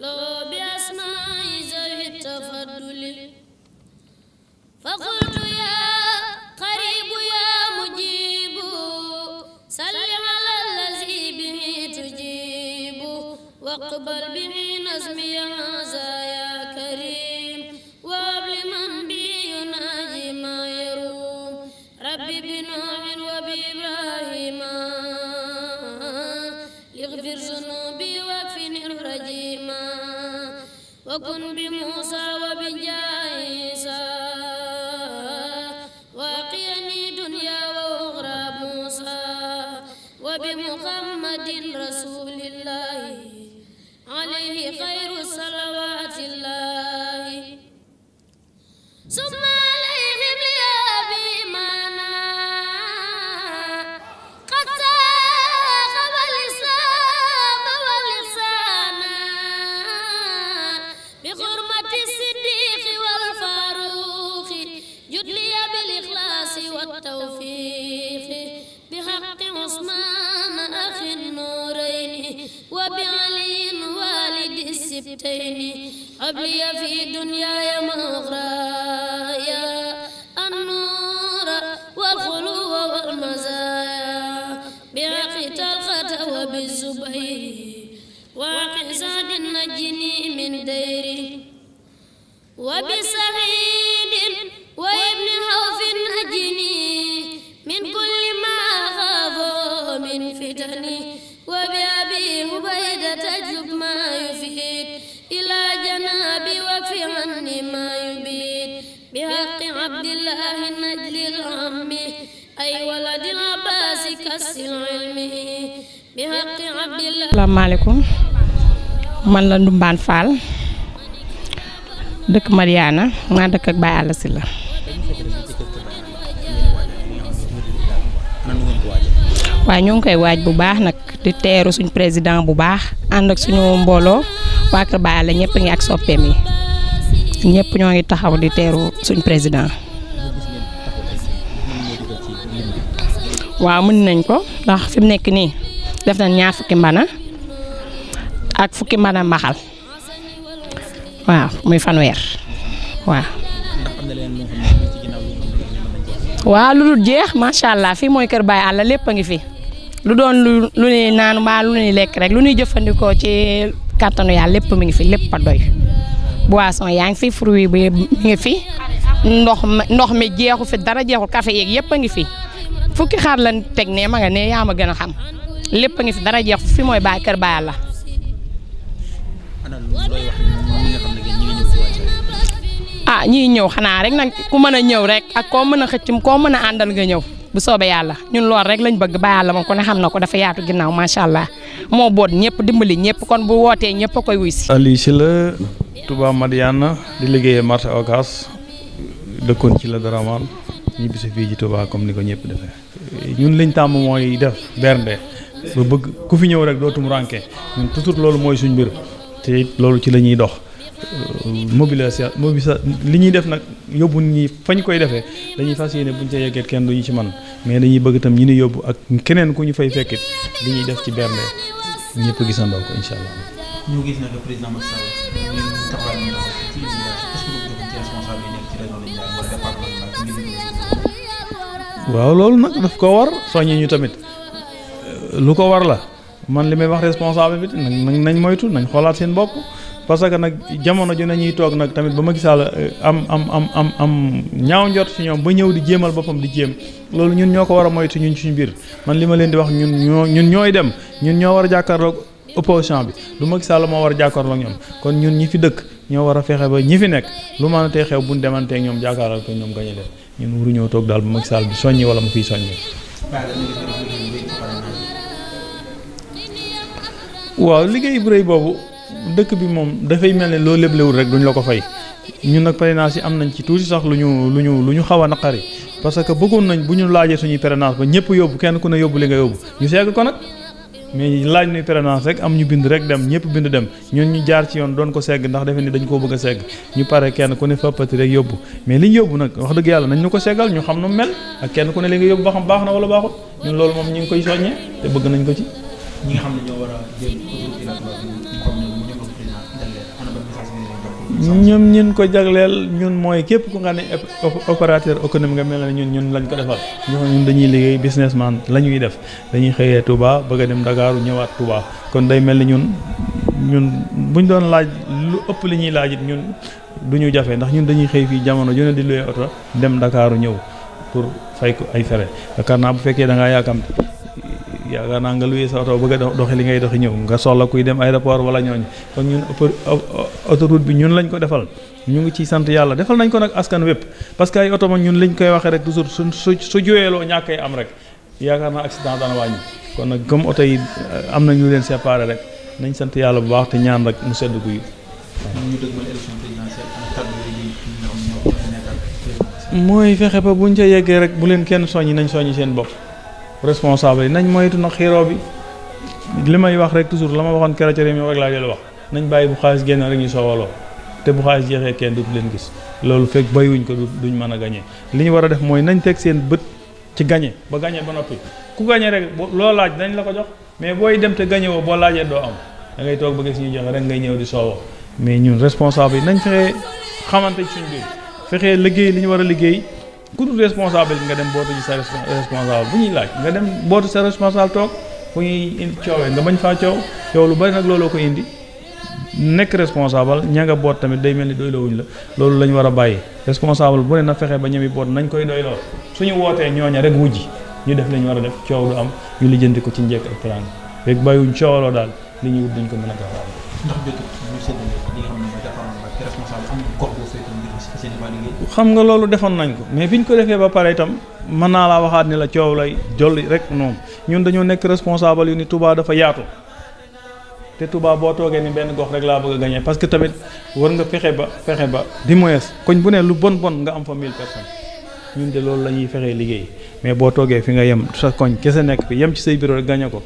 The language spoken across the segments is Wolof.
له بأسماء ذوي التفضل فقلت يا قريب يا مجيب سلم على الذي به تجيب واقبل به نزمي بموسى نجني من ديري وبسعيد وابن خوف نجني من كل ما أخاف من فتني وبأبي هبيدة أجلب ما يفيد إلى جنابي وفي عني ما يبيد بحق عبد الله النجل العم أي ولد العباس كسر علمه بحق عبد الله السلام عليكم man la ndumban Fall deuk Mariana maa dëkk ak Baye Alla Sylla wa ñu ngi koy waaj bu baax nak di teeru suñu président bu baax and ak suñu mbolo wa Kër Baye la ñepp ngi ak soppeem yi ñëpp ñoo ngi taxaw di teeru suñu président wa mën nañ ko ndax fim nek ni def na ñaar fukki mbana ak fukki manam maxal waaw muy fanweer waaw. waaw lu dul jeex sha allah fi moy keur Baye Allah lepp ngi fi lu doon lu ni nan ma lu ni lek rek lu ni jeufandiko ci ya lepp mi ngi fi lepp doy boisson yaa fi fruit bi mi ngi fi ndox mi ndox mi jeexu fi dara jeexu cafe yek yep ngi fi fukki xaar lan tek ne ma nga ne yaa ma gën xam lepp ngi fi dara jeexu fi moy Baye keur Baye Allah ah ñii ñëw xanaa rek nag ku mën a ñëw rek ak koo mën a xëccum koo mën a àndal nga ñëw bu soobee yàlla ñun lool rek lañ bëgg ba yàlla moom ko ne xam na ko dafa yaatu ginnaaw macha allah moo boot ñëpp dimbali ñëpp kon bu wootee ñëpp a koy wuy si. Aliou si la Madiana di liggéeyee marché Ocass dëkkoon ci la Daramal ñibbi si fii ci Touba comme ni ko ñëpp ñun liñ tàmm mooy def bernde ba bëgg ku fi ñëw rek dootum rànke ñun toujours loolu mooy suñ mbir. te loolu ci la ñuy dox euh, mobilisation li ñuy def nag yóbbu ñi fañ koy defee dañuy fas yéene buñ ca yeggee kenn duñu ci man mais dañuy bëgg itam ñu ni yóbbu ak keneen ku ñu fay fekkit li ñuy def ci bernde ñëpp ko incha allah. ñu gis ne le président Macky waaw loolu nag daf ko war soññi ñu tamit euh, lu ko war la. man li may wax responsable bi nag nañ moytu nañ xoolaat seen bopp parce que nag jamono ji nañuy toog nag tamit ba ma gisaal euh, am am am am am ñaaw njot ci ñoom ba ñëw di jéemal boppam di jéem loolu ñun ñoo ko war a moytu ñun suñu biir man li ma leen di wax ñun ñoo ñun ñooy dem ñun ñoo war a jàkkaarloog opposition bi lu Macky Sall moo war a jàkkaarloog ñoom kon ñun ñi fi dëkk ñoo war a fexe ba ñi fi nekk lu maana tey xew buñ demanteeg ñoom jàkkaarloog ko ñoom gañu leen ñun waruñoo toog daal ba Macky Sall bi soññi wala mu fiy soññi waaw liggéey bu rëy boobu dëkk bi moom dafay mel ne loo léblewul rek duñ la ko fay ñun nag parrainage yi am nañ ci tuuti sax lu ñu lu ñu lu ñu xaw a naqari parce que bëggoon nañ bu ñu laajee suñuy parrainage ñëpp yóbbu kenn ku ne yóbbu li nga yóbbu ñu segg ko nag mais laaj nuy parrainage rek am ñu bind rek dem ñëpp bind dem ñun ñu jaar ci yoon doon ko segg ndax defe ni dañ koo bëgg a ñu pare kenn ku ne fàppati rek yóbbu mais li ñu yóbbu nag wax dëgg yàlla nañ ñu ko seggal ñu xam nu mel ak kenn ku ne li nga yóbbu ba xam baax na wala baaxul ñun loolu moom ñu ngi koy soññee te bëgg nañ ko ci ñi nga xam ne ñoo war a ñun ko jagleel ñun mooy képp ku nga ne opérateur économique nga mel ne ñun ñun lañ ko defal ñun dañuy liggéey businessman la ñuy def dañuy xëyee Touba bëgga dem Dakar ñëwaat Touba kon day mel ni ñun ñun buñ doon laaj lu ëpp li ñuy laaj ñun duñu jafe ndax ñun dañuy xëy fii jamono ju di luwee oto dem ndakaaru ñëw pour fay ko ay fere yaakaar naa bu fekkee da ngaa yaakamte yaakaar naa nga luy sa oto bëgg a doxi li ngay doxi ñëw nga soxla kuy dem aéroport wala ñooñu kon ñun autoroute bi ñun lañ ko defal ñu ngi defal nañ ko nag askan wépp parce que ay oto moom ñun liñ koy waxee rek toujours su su euh, su nañ sant yàlla bu baax te ñaan rek mu sedd guy. mooy fexe ba buñ ca yeggee rek bu leen kenn soññi nañ soññi seen bopp. responsable yi nañ moytu na xiroo bi li may wax rek toujours la ma waxoon keroog ca réew mi rek laa jël wax nañ bàyyi bu xaalis génn rek ñu soowaloo te bu xaalis jeexee kenn du leen gis loolu fekk wuñ ko duñ mën a gañee li ñu war a def mooy nañ teg seen bët ci gañe ba gañe ba noppi ku gañe rek loo laaj dañ la ko jox mais booy dem te gañe woo boo laajee doo am da ngay toog ba gis ñu joxe rek ngay ñëw di soowoo mais ñun responsable yi nañ fexee xamante suñ fexee liggéey li ñu war a liggéey ku dul responsable nga dem bootu ji sa responsable bu ñuy laaj nga dem bootu sa responsable toog fu ñuy coowee nga bañ faa coow coow lu bari nag looloo ko indi nekk responsable ña boot tamit day mel ni doyloowuñ la loolu lañ war a bàyyi responsable bu ne na fexe ba ñami boot nañ koy su suñu wootee ñooña rek wujji ñu def lañ war a def coow du am ñu lijjanti ko ci njëkk ak plan rek bàyyiwuñ coowaloo daal li ñu wut duñ ko mën a gaaw xam nga loolu defoon nañ ko mais biñ ko defee ba pare itam mën naa laa waxaat ni la coow lay jolli rek noonu ñun dañoo nekk responsable yu ni Touba dafa yaatu te Touba boo toogee ni benn gox rek laa bëgg a gagné parce que tamit war nga fexe ba fexe ba di moyes koñ bu ne lu bon bon nga am fa mille personnes ñun de loolu la ñuy fexee liggéey mais boo toogee fi nga yem sa koñ kese nekk fi yem ci say bureau rek gañe ko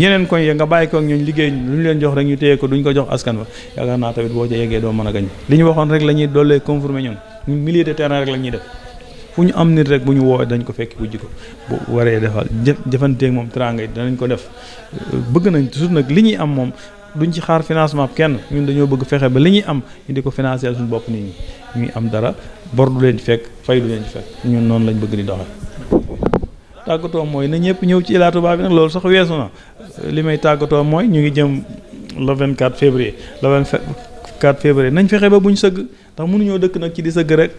yeneen koñ ya nga bàyyi ko ak ñooñ liggéey lu ñu leen jox rek ñu téye ko duñ ko jox askan wa yaakaar naa tamit boo ca yeggee doo mën a gañ li ñu waxoon rek la ñuy doolee confirmer ñun milieu de rek la ñuy def fu ñu am nit rek bu ñu woowee dañ ko fekk bu jiko bu waree defal jëfanteeg moom teraanga yi danañ ko def bëgg nañ toujours nag li ñuy am moom duñ ci xaar financement kenn ñun dañoo bëgg fexe ba li ñuy am ñu di ko financer suñu bopp nit ñi ñuy am dara bor du leen ci fekk fay du leen ci fekk ñun noonu lañ bëgg di doxal tàggatoo mooy na ñëpp ñëw ci Ila Touba nag loolu sax weesu na li may tàggatoo mooy ñu ngi jëm le 24 février le 24 février nañ fexe ba bu sëgg ndax mënuñoo dëkk nag ci di sëgg rek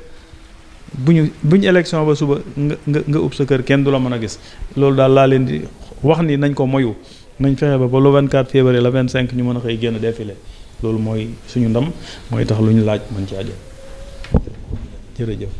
bu ñu bu ñu ba suba nga nga nga ub sa kër kenn du la mën a gis loolu daal laa leen di wax ni nañ ko moyu nañ fexe ba ba le 24 février le 25 ñu mën a xëy génn défilé loolu mooy suñu ndam mooy tax lu ñu laaj mën caa jël jërëjëf.